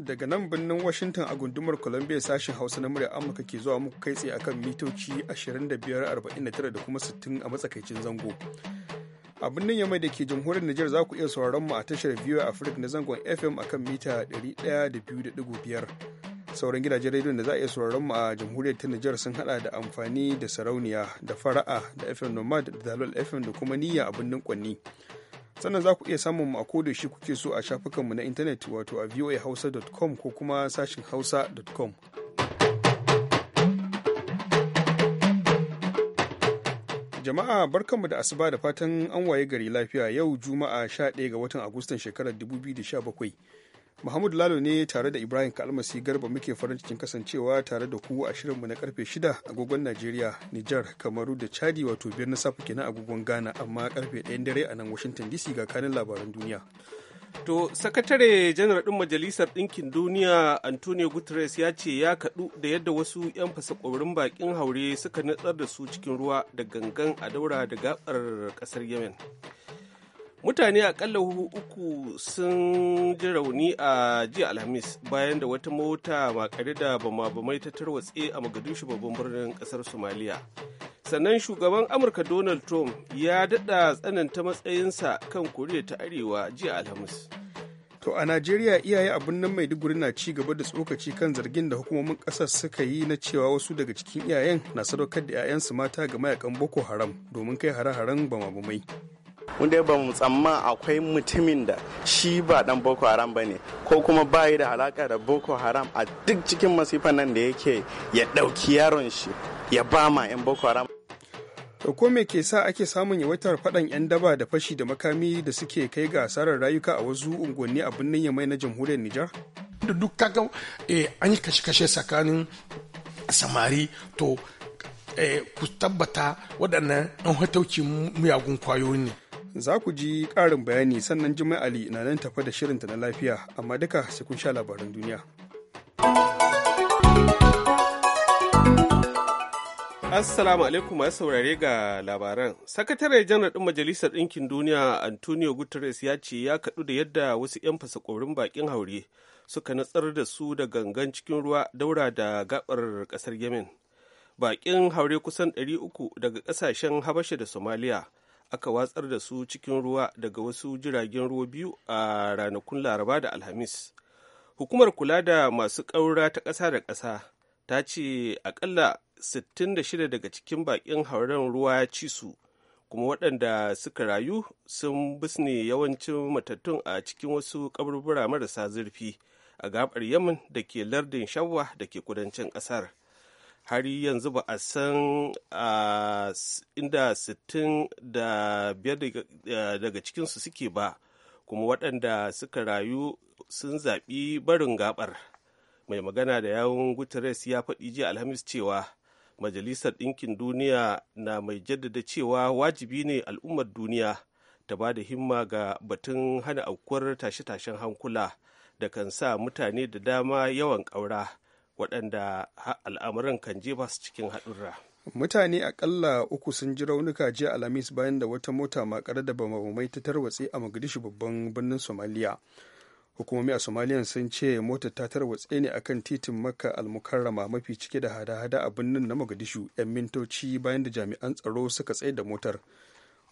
Daga nan birnin Washington a gundumar Columbia sashen Hausa na murya Amurka ke zuwa muku kai tsaye akan mitoci 2549 da kuma 60 a matsakaicin zango. A birnin Yamai da ke jamhuriyar Nijar za ku iya sauraron mu a tashar biyu Africa na zangon FM akan mita 102.5. sauran gidajen rediyon da za a iya sauraron mu a jamhuriyar ta Nijar sun hada da amfani da sarauniya da fara'a da FM Nomad da Dalol FM da kuma niyya a birnin Kwanni. Sannan za ku iya samun mu a koda shi kuke so a shafukanmu na intanet wato a voahausa.com ko kuma sashin hausa.com. Jama'a barkanmu da asuba da fatan an waye gari lafiya yau Juma'a 11 ga watan Agustan shekarar 2017. Muhammadu Lalo ne tare da Ibrahim Kalmasi Garba muke farin cikin kasancewa tare da ku a shirinmu na karfe 6 agogon Najeriya, Nijar, Kamaru da Chadi wato biyar na safe kenan agogon Ghana amma karfe 1 dare a nan Washington DC ga kanin labaran duniya. To, sakatare janar ɗin Majalisar Ɗinkin Duniya Antonio Guterres ya ce ya kaɗu da yadda wasu 'yan fasakorin bakin haure suka nutsar da su cikin ruwa da gangan a daura da gabar ƙasar Yemen. mutane akalla uku sun ji rauni a jiya alhamis bayan da wata mota makare da bama-bamai ta tarwatse a magadishu babban birnin kasar somaliya sannan shugaban amurka donald trump ya daɗa tsananta matsayinsa kan koriya ta arewa jiya alhamis to a najeriya iyaye abin nan maiduguri na ci gaba da tsokaci kan zargin da hukumomin kasar suka yi na cewa wasu daga cikin iyayen na sadaukar da 'ya'yansu mata ga mayakan boko haram domin kai hare-haren bama-bamai wanda ba mu tsamma akwai mutumin da shi ba dan boko haram ba ne ko kuma bayi da alaka da boko haram a duk cikin masifan nan da yake ya ɗauki yaron shi ya ba ma 'yan boko haram ko me ke sa ake samun yawaitar faɗan 'yan daba da fashi da makami da suke kai ga asarar rayuka a wasu unguwanni a birnin yamai na jamhuriyar nijar da duk kaga eh, an yi kashe-kashe tsakanin samari to eh, ku tabbata waɗannan an hatauki miyagun kwayoyi ne za ku ji ƙarin bayani sannan Jimai Ali na nan tafa da shirinta na lafiya, amma duka sai kun sha labaran duniya. Assalamu alaikum masu saurare ga labaran. Sakatare janar ɗin Majalisar Ɗinkin Duniya Antonio Guterres ya ce ya kaɗu da yadda wasu 'yan fasakorin baƙin haure suka natsar da su da gangan cikin ruwa daura da gabar ƙasar Yemen. Baƙin haure kusan 300 daga ƙasashen Habasha da Somalia. aka watsar da su cikin ruwa daga wasu jiragen ruwa biyu a ranakun laraba da alhamis hukumar kula da masu ƙaura ta ƙasa da ƙasa ta ce akalla 66 daga cikin baƙin hauren ruwa ya ci su kuma waɗanda suka rayu sun bisne yawancin matattun a cikin wasu kaburbura marasa zurfi a gabar yamin da ke lardin shawwa da ke kudancin ƙasar har yanzu ba a san inda sittin da biyar daga cikinsu suke ba kuma waɗanda suka rayu sun zaɓi barin gabar mai magana da yawun guterres ya faɗi jiya alhamis cewa majalisar ɗinkin duniya na mai jaddada cewa wajibi ne al'ummar duniya ta ba da himma ga batun hana aukuwar tashe-tashen hankula da kan sa mutane da dama yawan ƙaura waɗanda al'amuran kan jefa su cikin haɗurra. mutane akalla uku sun ji raunuka jiya alhamis bayan da wata mota makare da bamabamai ta tarwatse a mogadishu babban birnin somaliya hukumomi a somaliya sun ce mota ta tarwatse ne akan titin makka almukarrama mafi cike da hada-hada a birnin na mogadishu 'yan mintoci bayan da jami'an tsaro suka tsaye da motar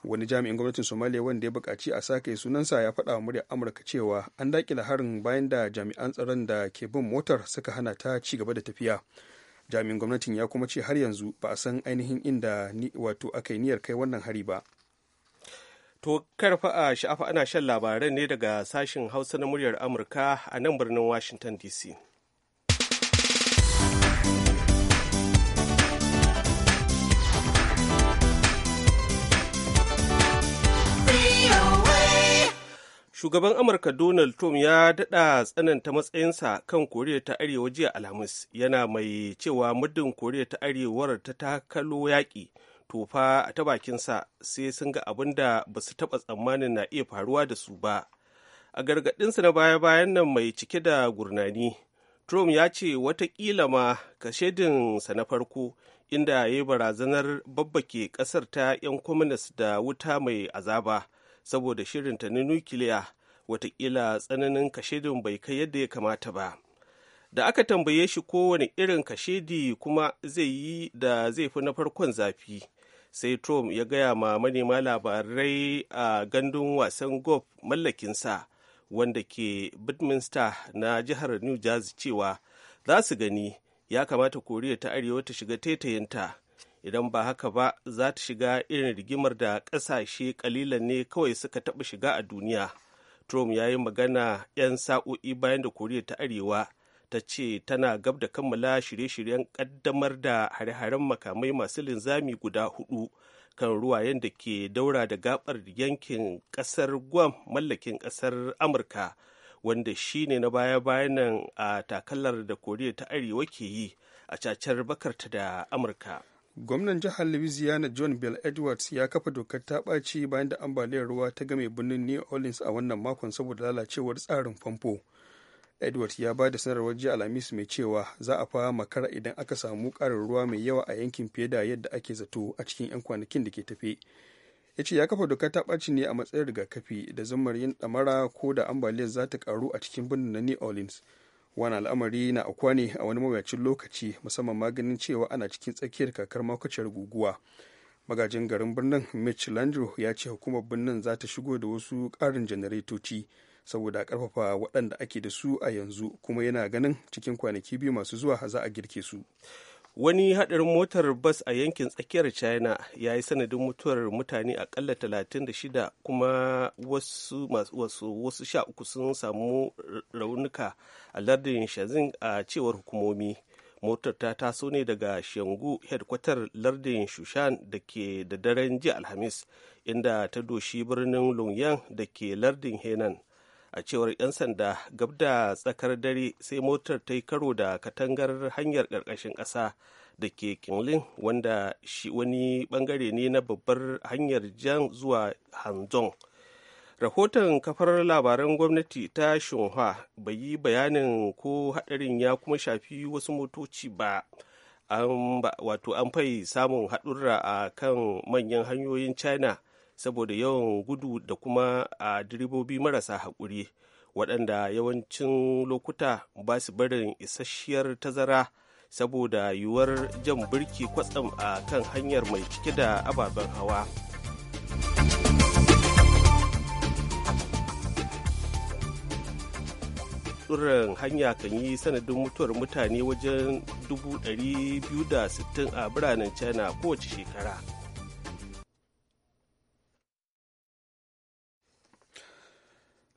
wani jami'in gwamnatin somaliya wanda ya buƙaci a sake sunansa ya faɗa wa muryar amurka cewa an daƙila harin bayan da jami'an tsaron da ke bin motar suka hana ta ci gaba da tafiya jami'in gwamnatin ya kuma ce har yanzu ba a san ainihin inda wato aka yi niyyar kai wannan hari ba to karfa a sha'afa ana shan labaran ne daga sashen hausa na muryar amurka a nan birnin washington dc shugaban amurka donald trump ya daɗa tsananta matsayinsa kan koriya ta arewa jiya alhamis yana mai cewa muddin koriya ta arewa ta takalo yaƙi tofa a ta bakinsa sai sun ga abin da ba su taɓa tsammanin na iya faruwa da su ba a gargaɗinsa na baya-bayan nan mai cike da gurnani trump ya ce watakila ma ka sa na farko inda ya yi barazanar babbake ƙasar ta 'yan kwaminas da wuta mai azaba saboda shirinta na nukiliya watakila tsananin kashedin bai kai yadda ya kamata ba da aka tambaye shi kowane irin kashedi kuma zai yi da zai fi na farkon zafi sai trump ya gaya ma manema labarai a gandun wasan golf mallakinsa wanda ke Bedminster na jihar New Jersey cewa za su gani ya kamata Koriya ta Arewa ta shiga taitayinta idan ba haka ba za ta shiga irin rigimar da ƙasashe ƙalilan ne kawai suka taɓa shiga a duniya trump ya yi magana 'yan sa'o'i bayan da koriya ta arewa ta ce tana gab da kammala shirye-shiryen ƙaddamar da hare-haren makamai masu linzami guda hudu kan ruwayen da ke daura da gabar yankin ƙasar guam mallakin ƙasar amurka wanda shi ne na baya-bayan nan a takalar da koriya ta arewa ke yi a cacar bakarta da amurka gwamnan jihar louisiana john bell edwards ya kafa dokar ta ɓaci bayan da ambaliyar ruwa ta game birnin new orleans a wannan makon saboda lalacewar tsarin famfo edwards ya ba da sanarwar jiya alhamis mai cewa za a fara makara idan aka samu ƙarin ruwa mai yawa a yankin fiye da yadda ake zato a cikin 'yan kwanakin da ke tafe ya ce ya kafa dokar ta ɓaci ne a matsayin rigakafi da zumar yin ɗamara ko da ambaliyar za ta ƙaru a cikin birnin na new orleans wani al'amari na akwa ne a wani mawuyacin lokaci musamman maganin cewa ana cikin tsakiyar kakar makwaciyar guguwa magajin garin birnin mitch landro ya ce hukumar birnin za ta shigo da wasu ƙarin janaretoci saboda karfafa waɗanda ake da su a yanzu kuma yana ganin cikin kwanaki biyu masu zuwa za a girke su wani haɗarin motar bas a yankin tsakiyar china ya yi sanadin mutuwar mutane akalla 36 kuma wasu wasu, wasu sha uku sun samu raunuka a lardin shazin a cewar hukumomi motar ta taso ne daga shangu headkwatar lardin shushan da ke da daren jiya alhamis inda ta doshi birnin longyang da ke lardin henan a cewar 'yan sanda gab da tsakar dare sai motar ta yi karo da katangar hanyar ƙarƙashin ƙasa da ke kinlin wanda shi wani ɓangare ne na babbar hanyar jan zuwa hanzong rahoton kafar labaran gwamnati ta shinhua bai yi bayanin ko haɗarin ya kuma shafi wasu motoci ba wato an fai samun haɗurra a kan manyan hanyoyin china saboda yawan gudu da kuma a direbobi marasa haƙuri waɗanda yawancin lokuta ba su barin isasshiyar tazara saboda yiwuwar jan birki kwatsam a kan hanyar mai cike da ababen hawa tsoron hanya kan yi sanadin mutuwar mutane wajen 260 a biranen china kowace shekara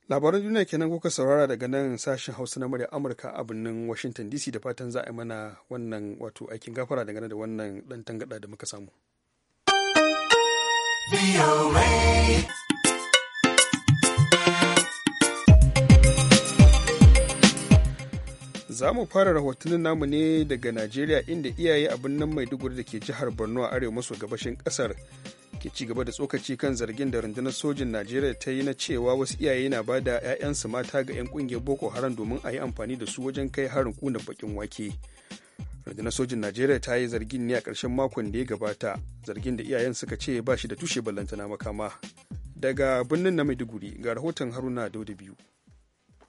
labaran duniya kenan kuka saurara daga nan sashen hausa na murya amurka a birnin washington dc da fatan za a yi mana wannan wato aikin gafara dangane da wannan dan tangada da muka samu za mu fara rahotannin namu ne daga najeriya inda iyaye a birnin maiduguri da ke jihar borno a arewa maso gabashin kasar ke ci gaba da tsokaci kan zargin da rundunar sojin najeriya ta yi na cewa wasu iyaye na ba da 'ya'yansu mata ga 'yan kungiyar boko haram domin a yi amfani da su wajen kai harin kuna bakin wake rundunar sojin najeriya ta yi zargin ne a karshen makon da ya gabata zargin da iyayen suka ce ba shi da tushe ballantana makama daga birnin na maiduguri ga rahoton haruna dauda biyu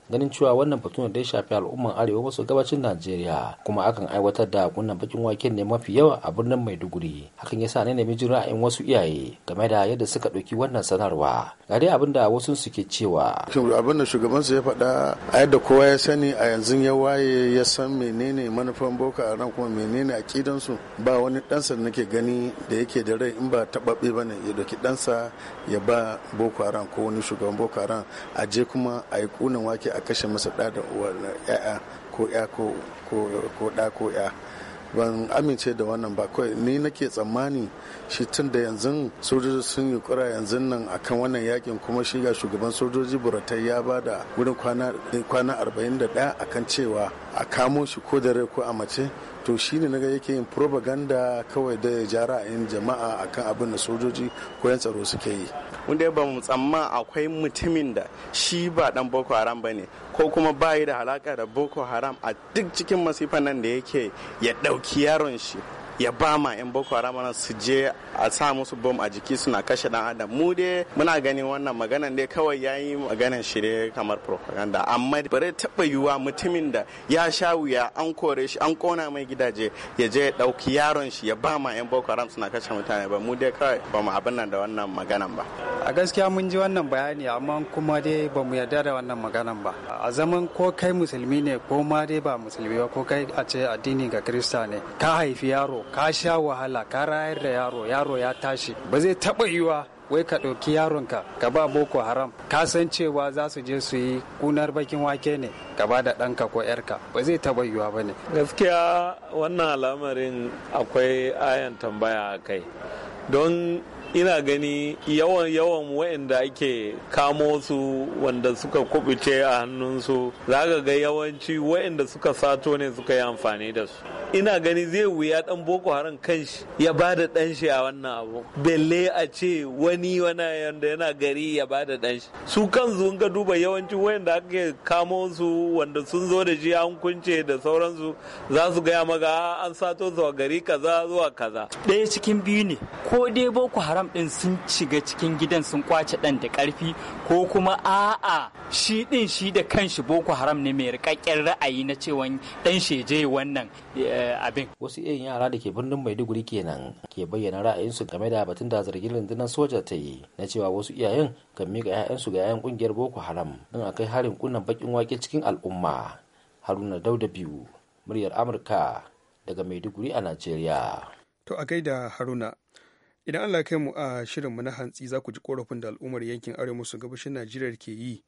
ganin cewa wannan batun da ya shafi al'umman arewa maso gabacin najeriya kuma akan aiwatar da kunnan bakin waken ne mafi yawa a birnin maiduguri hakan yasa ne nemi jin ra'ayin wasu iyaye game da yadda suka ɗauki wannan sanarwa ga dai abin da wasu suke cewa abin da shugabansu ya faɗa a yadda kowa ya sani a yanzu ya waye ya san menene manufan boko haram kuma menene a su ba wani ɗansa da nake gani da yake da rai in ba taɓaɓe ba ne ya ɗauki ɗansa ya ba boko haram ko wani shugaban boko haram a je kuma a yi ƙunan wake a kashe masa ɗa da uwar ya'ya ko ya ko ɗa ko ya ban amince da wannan ba kawai ni nake tsammani shi tun da yanzu sojoji sun yi kura yanzu nan akan wannan yakin kuma shi ga shugaban sojoji buratai ya ba da wurin kwana 41 akan cewa a kamo shi ko da rai ko a mace to shi ne naga yake yin propaganda kawai da ya ja yin jama'a akan abin da sojoji ko yan tsaro suke yi wanda ba mu tsamma akwai mutumin da shi ba dan boko haram ba ne ko kuma bayi da halaka da boko haram a duk cikin masifan nan da yake ya ɗauki yaron shi ya ba ma 'yan boko haram su je a sa musu bom a jiki suna kashe dan adam mu dai muna ganin wannan maganan dai kawai yayi maganan shi dai kamar propaganda amma bare taba yiwuwa mutumin da ya sha wuya an kore shi an kona mai gidaje ya je ya ɗauki yaron shi ya ba ma 'yan boko haram suna kashe mutane ba mu dai kawai ba mu abin nan da wannan maganan ba a gaskiya mun ji wannan bayani amma kuma dai ba mu yarda da wannan maganan ba a zaman ko kai musulmi ne ko ma dai ba musulmi ba ko kai a ce addini ga kirista ne ka haifi yaro ka sha wahala ka rayar da yaro yaro ya tashi ba zai taɓa yiwa wai ka ɗauki yaronka ka ba boko haram ka san cewa za su je su yi kunar bakin wake ne ka ba da ɗanka ko yarka ba zai taɓa yiwa ba ne gaskiya wannan al'amarin akwai ayan tambaya a kai don ina gani yawan yawan wa'anda ake kamo su wanda suka kubuce a hannunsu za ka ga yawanci waɗanda suka sato ne suka yi amfani da su ina gani zai wuya dan boko haram kanshi ya ba da dan shi a wannan abu belle a ce wani wani yanda yana gari ya ba da dan shi su zuwan ka duba yawanci waɗanda ake kamo su wanda sun zo da shi an kunce da sauransu za su gaya maka an sato zuwa gari kaza zuwa kaza ɗaya cikin biyu ne ko dai boko haram fam ɗin sun shiga cikin gidan sun kwace ɗan da ƙarfi ko kuma a'a shi ɗin shi da kanshi boko haram ne mai rikakken ra'ayi na cewa ɗan sheje wannan eh, abin. Wasu iyayen yara da ke birnin Maiduguri kenan ke bayyana ra'ayin su game da batun da zargin rundunar soja ta yi na cewa wasu iyayen kan miƙa 'ya'yansu ga 'ya'yan ƙungiyar Boko Haram don a kai harin kunnan bakin wake cikin al'umma. Haruna Dauda biyu, muryar Amurka daga Maiduguri a Najeriya. To a gaida Haruna idan allah kai mu a shirinmu na hantsi za ku ji korafin da al'ummar yankin arewa maso gabashin najeriya ke yi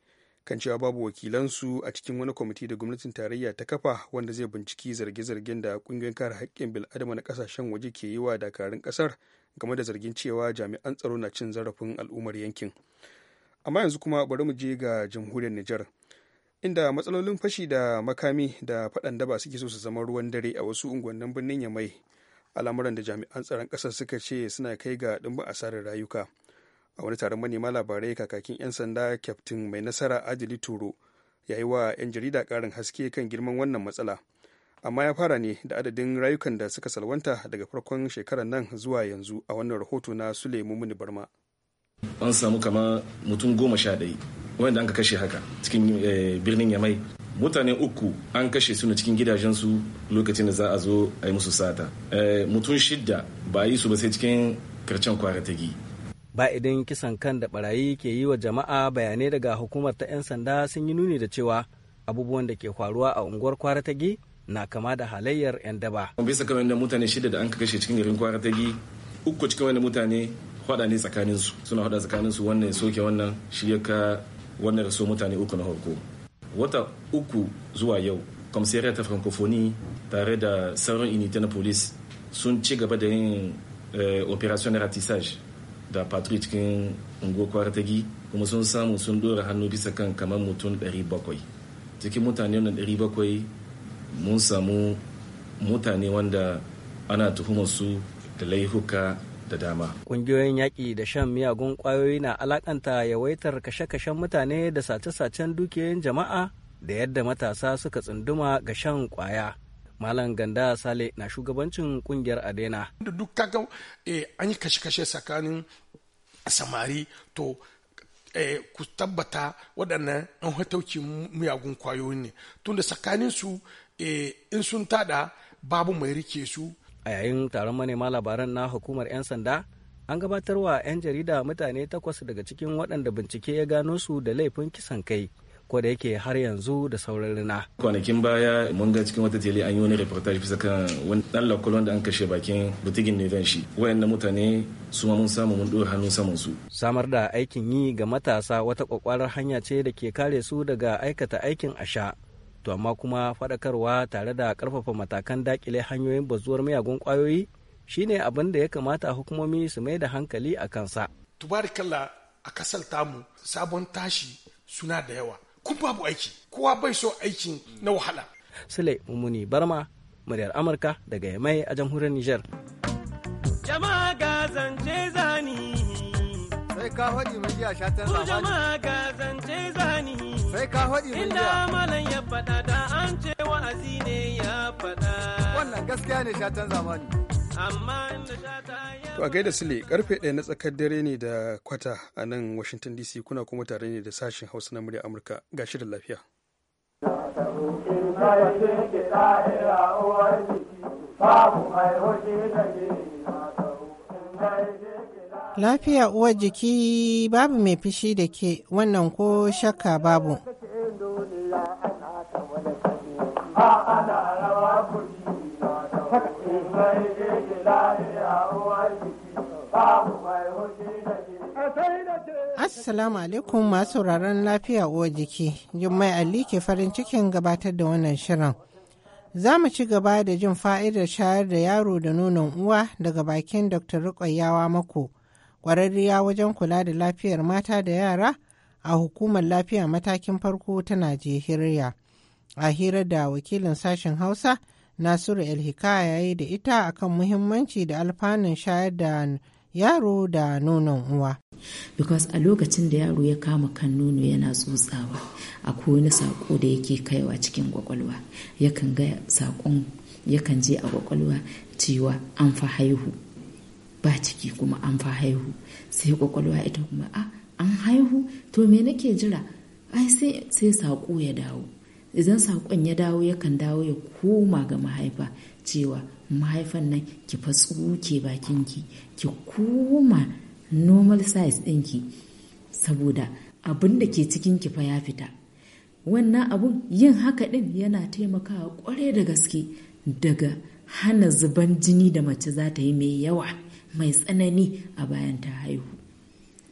kan cewa babu wakilansu a cikin wani kwamiti da gwamnatin tarayya ta kafa wanda zai binciki zarge-zargen da kungiyar kare haƙƙin bil'adama na ƙasashen waje ke yi wa dakarun ƙasar game da zargin cewa jami'an tsaro na cin zarafin al'ummar yankin amma yanzu kuma bari mu je ga jamhuriyar nijar inda matsalolin fashi da makami da faɗan daba suke so su zama ruwan dare a wasu unguwannin birnin yamai al'amuran da jami'an tsaron ƙasar suka ce suna kai ga ɗumbin asarar rayuka a wani taron manema labarai kakakin 'yan sanda kyaftin mai nasara adili turo ya yi wa 'yan jarida ƙarin haske kan girman wannan matsala amma ya fara ne da adadin rayukan da suka salwanta daga farkon shekarar nan zuwa yanzu a wannan rahoto na sule munibarma barma an samu kama mutum goma sha ɗaya wanda an ka kashe haka cikin eh, birnin yamai mutane uku an kashe su na cikin gidajensu lokacin da za a zo a yi musu sata eh, mutum shidda ba yi su ba sai cikin karcen gi ba idan kisan kan da barayi ke yi wa jama'a bayanai daga hukumar ta 'yan sanda sun yi nuni da cewa abubuwan da ke faruwa a unguwar gi na kama da halayyar 'yan daba. bisa kamar yadda mutane shida da an kashe cikin garin gi uku cikin wanda mutane hada ne tsakanin su suna hada tsakaninsu su wannan soke wannan shi ya ka wanda so mutane uku na farko wata uku zuwa yau kwamsiyar ta francophonie tare da sauran unité na police sun ci gaba da yin eh, operation ratissage da patrick cikin ungo kwartagi kuma sun samu sun dora hannu bisa kan kamar mutum 700 cikin mutane wannan 700 mun samu mutane wanda ana tuhumar su da laifuka da dama. Ƙungiyoyin yaƙi da shan miyagun ƙwayoyi na alakanta yawaitar kashe-kashen mutane da sace-sacen dukiyoyin jama'a da yadda matasa suka tsunduma ga shan ƙwaya. Malam Ganda Sale na shugabancin ƙungiyar Adena. duk kaga eh, an yi kashe-kashe tsakanin samari to eh, ku tabbata waɗannan an hatauki miyagun kwayoyi ne tunda tsakaninsu eh, in sun tada babu mai rike su a yayin taron manema labaran na hukumar 'yan sanda an gabatar wa 'yan jarida mutane takwas daga cikin waɗanda bincike ya gano su da laifin kisan kai ko da yake har yanzu da sauran rina. Kwanakin baya mun ga cikin wata jeli an yi wani reportage bisa kan wani dan lakulon da an kashe bakin butigin ne shi. na mutane su ma mun samu mun dora hannu saman su. Samar da aikin yi ga matasa wata kwakwarar hanya ce da ke kare su daga aikata aikin asha. to amma kuma faɗakarwa tare da ƙarfafa matakan dakile hanyoyin bazuwar miyagun ƙwayoyi shine abin da ya kamata hukumomi su mai da hankali a kansa. Tubarikalla a kasar tamu sabon tashi suna da yawa kun babu aiki kowa bai so aikin na wahala. Sule Mumuni Barma muryar Amurka daga Yamai a jamhuriyar Nijar. Jama'a ga zance zani Sai ka faɗi mun jiya sha tan labari. jama'a ga zance zani. Sai ka faɗi mun jiya. Inda malam ya faɗa da an ce wa'azi ne ya faɗa. Wannan gaskiya ne sha tan zamani. Amma inda sha ta To a gaida sile karfe ɗaya na tsakar dare ne da kwata a nan Washington DC kuna kuma tare ne da sashen Hausa na murya Amurka ga shi da lafiya. Babu mai hoji da ke Lafiya uwar jiki babu mai fishi da ke wannan ko shakka babu. Assalamu alaikum masu sauraron lafiya uwar jiki, Jummai Ali ke farin cikin gabatar da wannan shirin. Za mu ci gaba da jin fa'idar shayar da yaro da nonon uwa daga bakin Dr. Rukwayawa mako kwararriya wajen kula da lafiyar mata da yara a hukumar lafiya matakin farko ta Najeriya. A hira da wakilin sashen Hausa, Nasiru Elhikaya ya yi da ita akan muhimmanci da alfanun shayar da yaro da nonon uwa. Because a lokacin da yaro ya kama kan nono yana tsotsawa, akwai wani saƙo da yake kaiwa cikin kwakwalwa, yakan ga saƙon yakan je a kwakwalwa cewa an fa haihu. ba ciki kuma an fa haihu sai kwakwalwa ita kuma a ah, an haihu to me nake jira ai sai saƙo ya dawo idan saƙon ya dawo yakan dawo ya koma ga mahaifa cewa mahaifan nan ki fa tsuke bakin ki ki koma normal size ki saboda abin da ke cikin ki fa ya fita wannan abun yin haka ɗin yana taimakawa ƙwarai da gaske daga hana zuban jini da mace za ta yi mai yawa mai tsanani a bayan ta haihu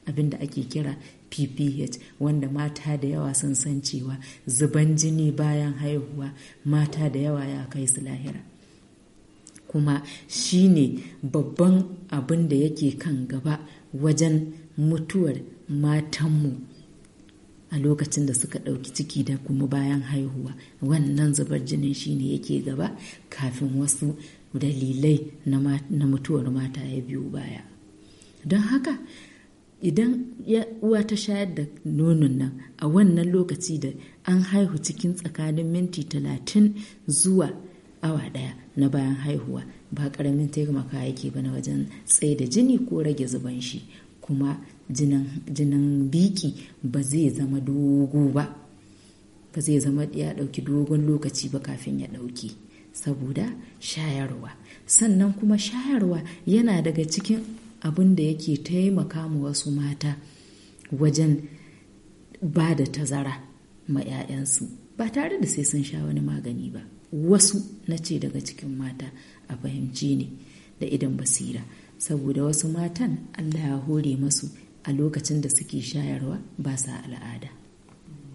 abin da ake kira pph wanda mata da yawa sun san cewa zuban jini bayan haihuwa mata da yawa ya kai su lahira kuma shi ne babban abin da yake kan gaba wajen mutuwar matanmu a lokacin da suka ɗauki ciki da kuma bayan haihuwa wannan zubar jinin shi ne yake gaba kafin wasu dalilai na mutuwar mata ya biyu baya don haka idan uwa ta shayar da nonon nan a wannan lokaci da an haihu cikin tsakanin minti talatin zuwa awa daya na bayan haihuwa ba karamin taimaka yake ba na wajen tsaye da jini ko rage zuban shi kuma jinin biki ba zai zama dogo ba ba zai zama ya ɗauki dogon lokaci ba kafin ya ɗauki saboda shayarwa sannan kuma shayarwa yana daga cikin abin da yake taimaka ma wasu mata wajen ba da tazara ma 'ya'yansu ba tare da sai sun sha wani magani ba wasu na ce daga cikin mata a fahimci ne da idan basira saboda wasu matan allah ya hore masu a lokacin da suke shayarwa ba sa al'ada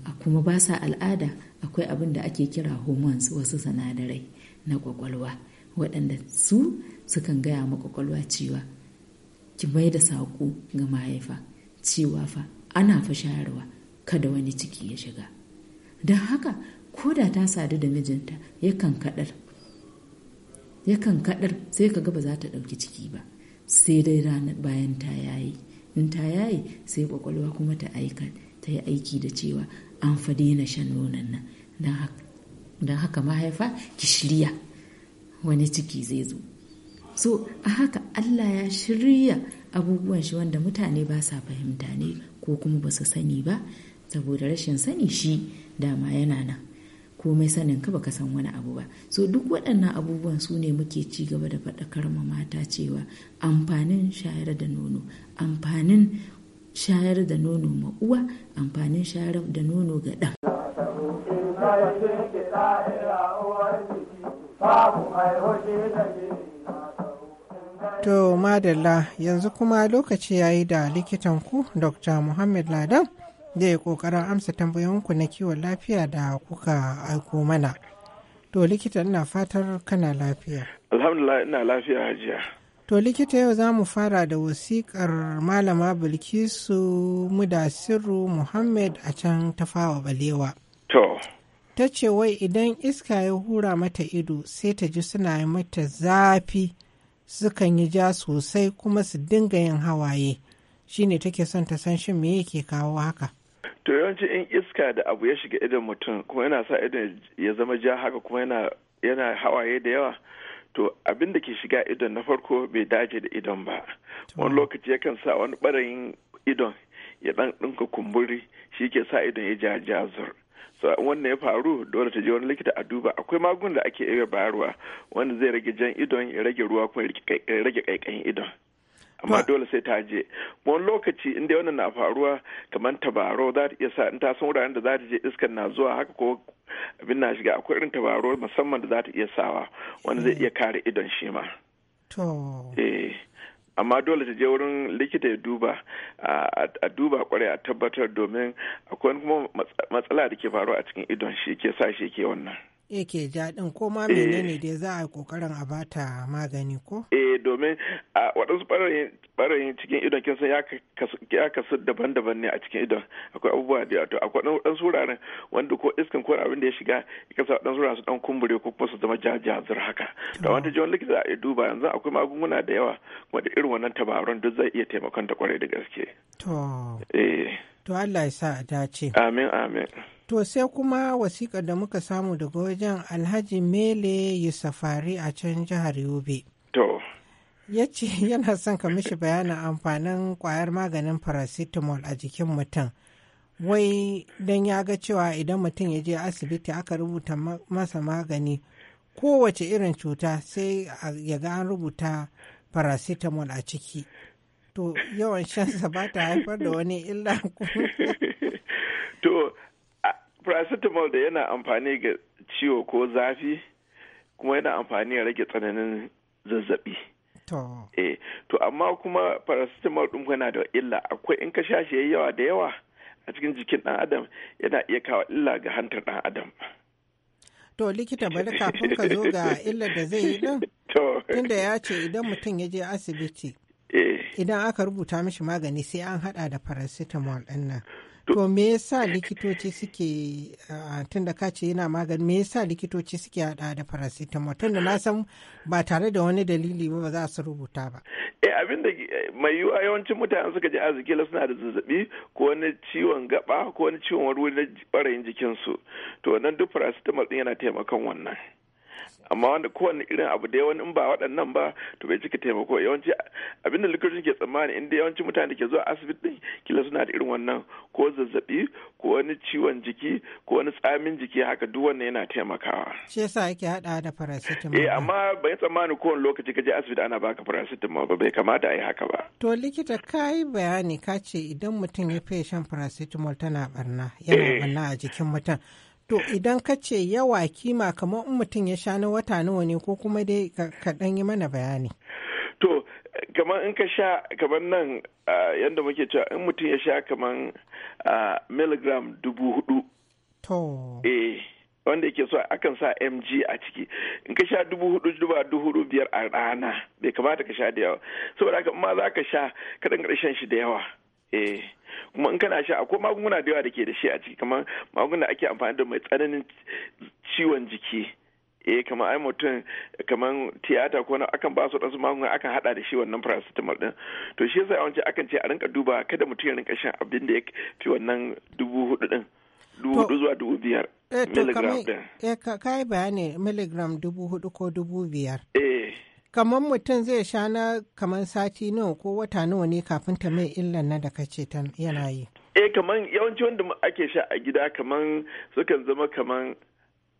a kuma ba sa al'ada akwai abin da ake kira hormones wasu sanadarai na kwakwalwa waɗanda su sukan gaya ma kwakwalwa cewa ki bai da saƙo ga mahaifa cewa fa ana fa shayarwa kada wani ciki ya shiga don haka ko da ta sadu da mijinta yakan kaɗar kaɗar sai ka ga ba za ta ɗauki ciki ba sai dai ranar bayan ta yayi in ta yayi sai kwakwalwa kuma ta aika ta yi aiki da cewa an fa daina shan nonon nan don haka don haka mahaifa ki shirya wani ciki zai zo so a haka allah ya shirya abubuwan shi wanda mutane ba sa fahimta ne ko kuma ba su sani ba saboda rashin sani shi dama yana nan komai sanin ka baka san wani abu ba so duk waɗannan abubuwan su ne muke ci gaba da faɗakar ma mata cewa amfanin shayar da nono amfanin shayar da nono ma uwa amfanin shayar da nono ga ɗan To madalla yanzu kuma lokaci ya yi da likitan ku Dr. Muhammad Ladan da ya kokarin amsa tambayoyinku na kiwon lafiya da kuka aiko mana. To likita ina fatar kana lafiya. Alhamdulillah ina lafiya hajiya. To likita yau za mu fara da wasiƙar malama Bilkisu Mudasiru Muhammad a can tafawa balewa. To. ta ce wai idan iska ya hura mata ido sai ta ji suna mata zafi sukan yi ja sosai kuma su dinga yin hawaye shine take son ta san shin me yake kawo haka to yawanci in iska da abu ya shiga idon mutum kuma yana sa idon ya zama ja haka kuma yana hawaye da yawa to abin da ke shiga idon na farko bai dace da idon ba wani lokaci yakan sa wani barayin idon ya dan dinka kumburi shi ke sa idon ya ja jazur so wannan ya faru dole ta je wani likita a duba akwai magun da ake iya bayarwa wanda zai rage jan idon ya rage ruwa kuma ya rage kaikayin idon amma dole sai ta je wani lokaci inda wannan na faruwa kamar tabaro za ta iya sa in ta san wuraren da za ta je iskan na zuwa haka ko abin na shiga akwai irin tabaro musamman da za ta iya sawa wanda zai mm. iya kare idon shi ma. Eh. amma dole ta je wurin likita ya duba a duba kwarai a tabbatar domin akwai kuma matsala da ke faruwa a cikin idon shi ke sa shi ke wannan yake ja din ko ma eh. menene da za a kokarin a bata magani ko eh domin a waɗansu ɓarayin cikin idon kinsa ya kasu daban-daban ne a cikin idon akwai abubuwa da yato akwai waɗansu wuraren wanda ko iskan ko abin da ya shiga ya kasa waɗansu wuraren su ɗan kumbure ko kuma su zama jajazir haka da wanda jiwon likita a duba yanzu akwai magunguna da yawa kuma da irin wannan tabarun duk zai iya taimakon da kwarai da gaske to eh To Allah ya sa a dace. Amin amin. To sai kuma wasiƙa da muka samu daga wajen Alhaji Mele safari a can jihar Yobe. To. Ya ce yana son ka mishi bayanin amfanin ƙwayar maganin paracetamol a jikin mutum. Wai don ya ga cewa idan mutum ya je asibiti aka rubuta masa magani kowace irin cuta sai ya ga an rubuta paracetamol a ciki. to yawan shansa ba ta haifar da wani illa to paracetamol da yana amfani ga ciwo ko zafi kuma yana amfani ya rage tsananin zazzabi eh to amma kuma paracetamol ɗin yana da illa akwai in ka sha yawa da yawa a cikin jikin ɗan adam yana iya kawo illa ga hantar ɗan adam to likita bari kafin ka zo ga illar da zai yi din tunda ya ce idan mutum ya je asibiti idan aka rubuta mishi magani sai an hada da paracetamol din nan to me yasa likitoci suke tun da kace yana magani me yasa likitoci suke hada da paracetamol tunda na san ba tare da wani dalili ba za su rubuta ba eh abin da mai yiwa yawancin mutane suka ji arziki la suna da zazzabi ko wani ciwon gaba ko wani ciwon warware na barayin jikinsu to nan duk paracetamol din yana taimakon wannan amma wanda kowane irin abu da wani in ba waɗannan ba to bai cika taimako yawanci abinda likitocin ke tsammani inda yawanci mutane ke zuwa asibiti din kila suna da irin wannan ko zazzabi ko wani ciwon jiki ko wani tsamin jiki haka duk wannan yana taimakawa shi yasa yake haɗa da paracetamol eh amma bai tsammani kowane lokaci ka je asibiti ana baka paracetamol ba bai kamata a yi haka ba to likita ka yi bayani ka ce idan mutum ya fiye shan paracetamol tana barna yana barna eh. a jikin mutum To idan ka ce yawa kima kamar in mutum ya sha na wata nawa ne ko kuma dai ka dan yi mana bayani. To kamar in ka sha kamar nan yadda muke cewa in mutum ya sha kamar milligram dubu hudu. To. Eh. wanda yake so akan sa mg a ciki in ka sha dubu hudu duba dubu hudu biyar a rana bai kamata ka sha da yawa saboda haka ma za ka sha kadan karshen shi da yawa eh kuma in kana sha akwai magunguna da yawa da ke da shi a ciki kamar magunguna ake amfani da mai tsananin ciwon jiki eh kamar ai mutum kamar tiyata ko akan ba su su magunguna akan hada da shi wannan paracetamol din to shi yasa yawanci akan ce a rinka duba kada mutum ya rinka shan abin da ya fi wannan dubu hudu din dubu hudu zuwa dubu biyar eh, milligram din eh ka yi bayani milligram dubu hudu ko dubu biyar eh kamar mutum zai sha na kamar sati nawa ko wata nawa ne kafin ta mai illan na da kace ta yana yi eh kamar yawanci wanda ake sha a gida kamar sukan zama kamar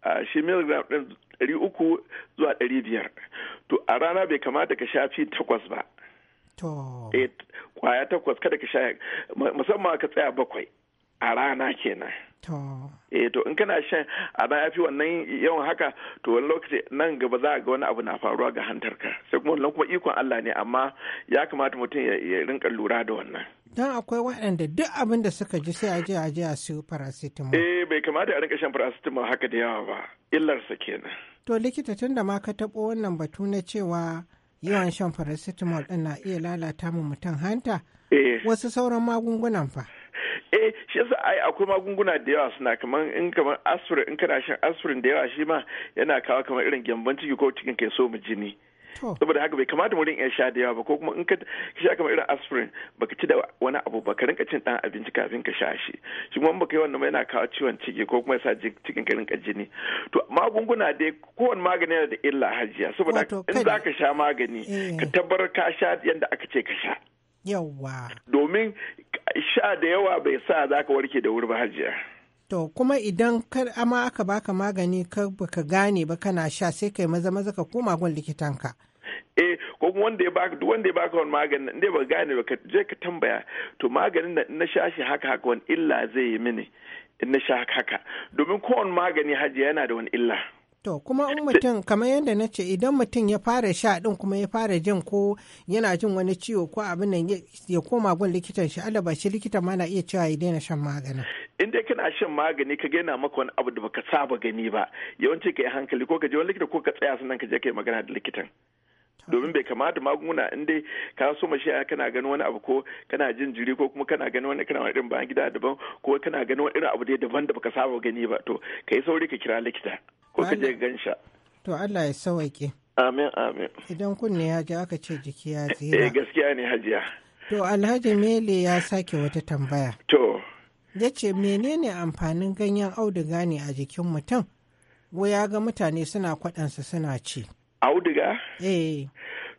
a ah, shi milligram ɗin ɗari uku zuwa ɗari biyar to a rana bai kamata ka sha fi takwas ba to eh kwaya takwas kada ka sha musamman ka tsaya bakwai a rana kenan eh to in kana shan a ya fi wannan yawan haka to wani lokaci nan gaba za ga wani abu na faruwa ga hantar ka, sai kuma wannan kuma ikon Allah ne amma ya kamata mutum ya rinka lura da wannan dan akwai waɗanda duk abin da suka ji sai a je a siyo paracetamol eh bai kamata a rinka shan paracetamol haka da yawa ba illarsa kenan to likita tun da ma ka taɓo wannan batu na cewa yawan shan paracetamol ɗin na iya lalata mu mutum hanta eh. wasu sauran magungunan fa eh shi yasa ai akwai magunguna da yawa suna kamar in kaman aspirin in kana shan aspirin da yawa shi ma yana kawo kamar irin gyamban ciki ko cikin kai so mu jini saboda haka bai kamata mu rinka sha da yawa ba ko kuma in ka sha kamar irin aspirin baka ci da wani abu ba ka rinka cin dan abinci kafin ka sha shi shi kuma baka yi wannan yana kawo ciwon ciki ko kuma yasa cikin ka rinka jini to magunguna dai kowane magani yana da illa hajiya saboda in za ka sha magani eh. ka tabbar ka sha yadda aka ce ka sha Yawwa. Domin sha da yawa bai sa za ka warke da wuri ba hajiya. To kuma idan kar ama aka baka magani ka baka gane ba kana sha sai kai maza maza ka koma gun likitanka. eh ko wanda ya baka wanda ya baka wani magani inda ba gane ba je ka tambaya to maganin da na sha shi haka haka wani illa zai yi mini in na sha haka haka domin kowane magani haji yana da wani illa To kuma in mutum kamar yadda na ce idan mutum ya fara sha din kuma ya fara jin ko yana jin wani ciwo ko abin nan ya koma gun likitan shi Allah ba shi likitan ma na iya cewa ya daina shan magani. In dai kana shan magani ka gaina maka wani abu da baka saba gani ba yawanci ka yi hankali ko ka je wani likita ko ka tsaya sannan ka je ka yi magana da likitan. domin bai kamata magunguna in dai ka so mashi kana gani wani abu ko kana jin jiri ko kuma kana gani wani kana wani irin bayan gida daban ko kana gani wani irin abu daban da baka saba gani ba to ka yi sauri ka kira likita. ko ka je gansha to Allah ya sawaike amin amin idan kunne ya ji aka ce jiki ya zira. Eh, eh gaskiya ne hajiya to Alhaji Mele ya sake wata tambaya to ya ce menene amfanin ganyen auduga ne a jikin mutum Wa ya ga mutane suna kwaɗansa suna ci auduga eh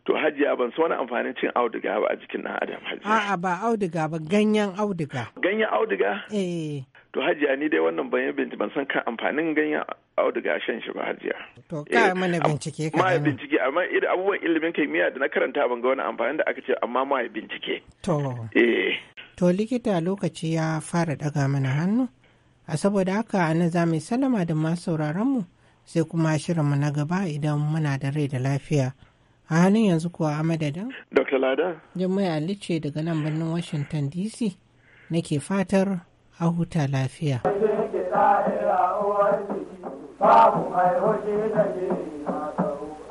to hajiya ban so wani amfanin cin auduga ba a jikin ɗan adam hajiya a'a ba auduga ba ganyen auduga ganyen auduga eh to hajiya ni dai wannan ban ban san kan amfanin ganyen auduga shan shi ba To ka mana eh, bincike ka Ma bincike amma irin abubuwan ilimin kimiyya da na karanta ban ga wani amfani da aka ce amma ma bincike. To. Eh. To likita lokaci ya fara daga mana hannu. A saboda haka a nan za mu salama da masu sauraron mu sai kuma shirinmu na gaba idan muna da rai da lafiya. A hannun yanzu kuwa a madadin? Dr. Lada. Jummai Ali ce daga nan birnin Washington DC nake fatar a huta lafiya. babu mai da ke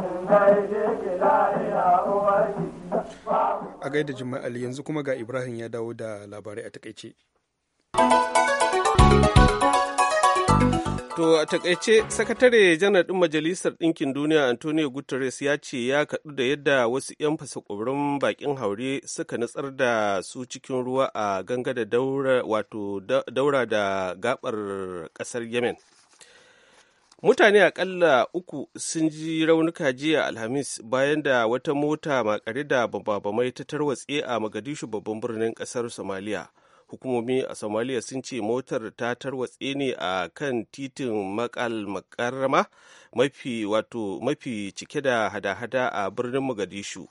in a gaida yanzu kuma ga ibrahim ya dawo da labarai a takaice To a takaice sakatare janar ɗin majalisar ɗinkin duniya Antonio Guterres ya ce ya kaɗu da yadda wasu 'yan fasa fasakobirin bakin haure suka nutsar da su cikin ruwa a ganga da daura da gabar ƙasar Yemen. mutane akalla uku sun ji raunuka jiya alhamis bayan da wata mota makare da babamai ta tarwatse a magadishu babban birnin kasar Somalia. hukumomi a Somalia sun ce motar ta tarwatse ne a kan titin makal makarama wato mafi cike da hada-hada a birnin magadishu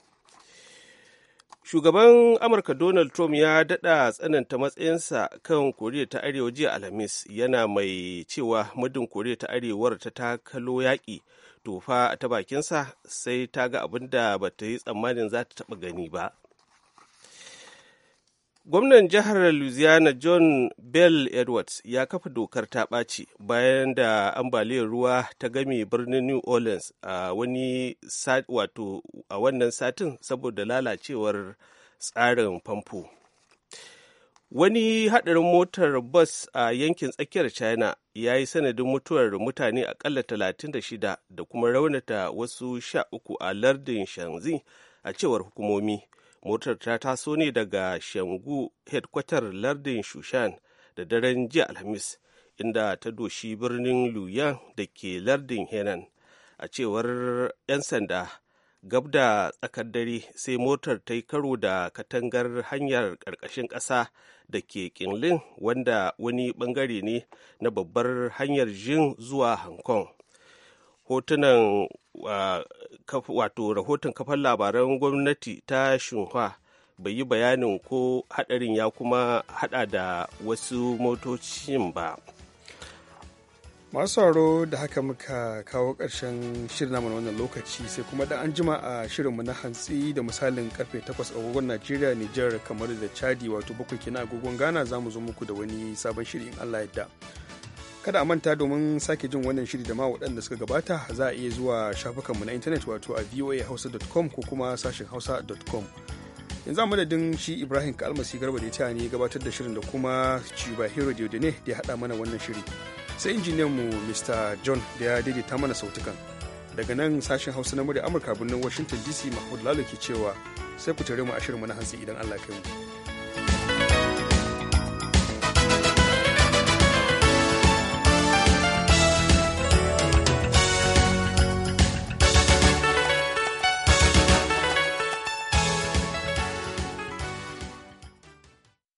shugaban amurka donald trump ya daɗa tsananta matsayinsa kan koriya ta arewa jiya alhamis yana mai cewa muddin koriya ta arewar ta takalo yaƙi tofa ta bakinsa sai ta ga abin da ba ta yi tsammanin za ta taɓa gani ba Gwamnan jihar Louisiana John Bell Edwards ya kafa dokar ta ɓaci bayan da ambaliyar ruwa ta game birnin New Orleans a wani wato a wannan satin saboda lalacewar tsarin famfo. Wani haɗarin motar bus a yankin tsakiyar China ya yi sanadin mutuwar mutane akalla 36 da kuma raunata wasu 13 a lardin Shanzi a cewar hukumomi. motar ta taso ne daga shangu hedkwatar lardin shushan da daren jiya alhamis inda ta doshi birnin luyan da ke lardin henan a cewar 'yan sanda gab da tsakar dare sai motar ta yi karo da katangar hanyar ƙarƙashin ƙasa da ke ƙinlin wanda wani ɓangare ne na babbar hanyar jin zuwa hong kong hotunan wato rahoton kafar labaran gwamnati ta shinhua bai yi bayanin ko hadarin ya kuma hada da wasu motocin ba masu sauro da haka muka kawo ƙarshen shirin namun wannan lokaci sai kuma da an jima a shirinmu na hantsi da misalin karfe 8 agogon najeriya nijar kamar da chadi wato bakwai kina agogon ghana za mu zo muku da wani sabon shirin allah yadda kada a manta domin sake jin wannan shiri da ma waɗanda suka gabata za a iya zuwa shafukanmu na intanet wato a voahausa.com ko kuma sashen hausa.com yanzu a madadin shi ibrahim kalmasi garba da ta ne gabatar da shirin da kuma cuba hero ne da ya haɗa mana wannan shiri sai injiniyan mu mr john da ya daidaita mana sautukan daga nan sashen hausa na murya amurka birnin washington dc mahmud lalo ke cewa sai ku tare mu a shirin na hantsi idan allah kai mu